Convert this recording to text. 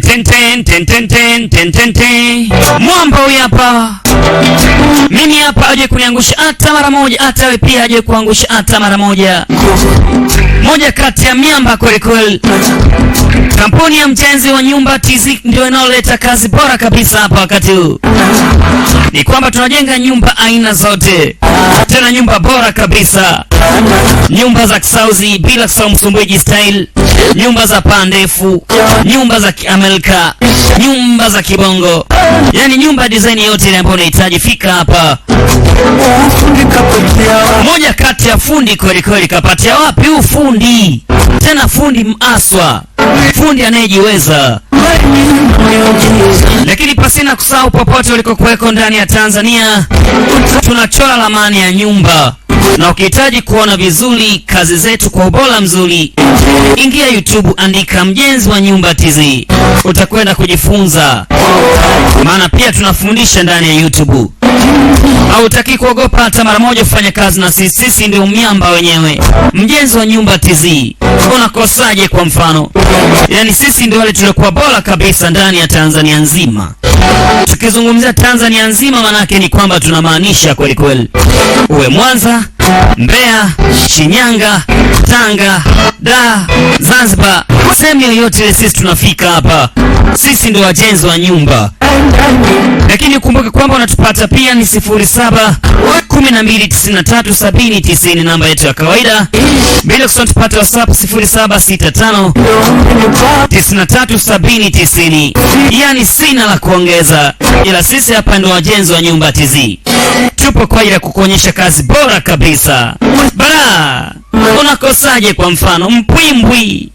ten ten ten. Mwamba huyu hapa. Mimi hapa hajawahi kuniangusha hata mara moja, hata wewe pia hajawahi kuangusha hata mara moja. Moja kati ya miamba kweli kweli. Kampuni ya mjenzi wa nyumba TZ ndio inayoleta kazi bora kabisa hapa. Wakati huu ni kwamba tunajenga nyumba aina zote, tena nyumba bora kabisa, nyumba za kisauzi bila kusahau Msumbiji style, nyumba za paa ndefu, nyumba za Kiamerika, nyumba za Kibongo, yani nyumba design yote ambayo unahitaji. Fika hapa, moja kati ya fundi kweli kweli. Kapatia wapi ufundi? tena fundi mhaswa, fundi anayejiweza. Lakini pasina kusahau, popote ulikokuweko ndani ya Tanzania, tunachora ramani ya nyumba, na ukihitaji kuona vizuri kazi zetu kwa ubora mzuri, ingia YouTube, andika mjenzi wa nyumba TZ, utakwenda kujifunza, maana pia tunafundisha ndani ya YouTube. Hautaki kuogopa hata mara moja kufanya kazi na sisi, sisi ndio miamba wenyewe. Mjenzi wa nyumba TZ unakosaje? Kwa mfano, yani sisi ndio wale tulikuwa bora kabisa ndani ya Tanzania nzima. Tukizungumzia Tanzania nzima, manake ni kwamba tunamaanisha kweli kweli, uwe Mwanza, Mbeya, Shinyanga, Tanga, da Zanzibar, sehemu yoyote ile, sisi tunafika hapa, sisi ndio wajenzi wa nyumba lakini ukumbuke kwamba unatupata pia ni 07 namba yetu ya kawaida, bila kusahau tupate WhatsApp 0765 93 Yani sina la kuongeza, ila sisi hapa ndio wajenzi wa nyumba TZ, tupo kwa ajili ya kukuonyesha kazi bora kabisa. Bara unakosaje? Kwa mfano Mpwimbwi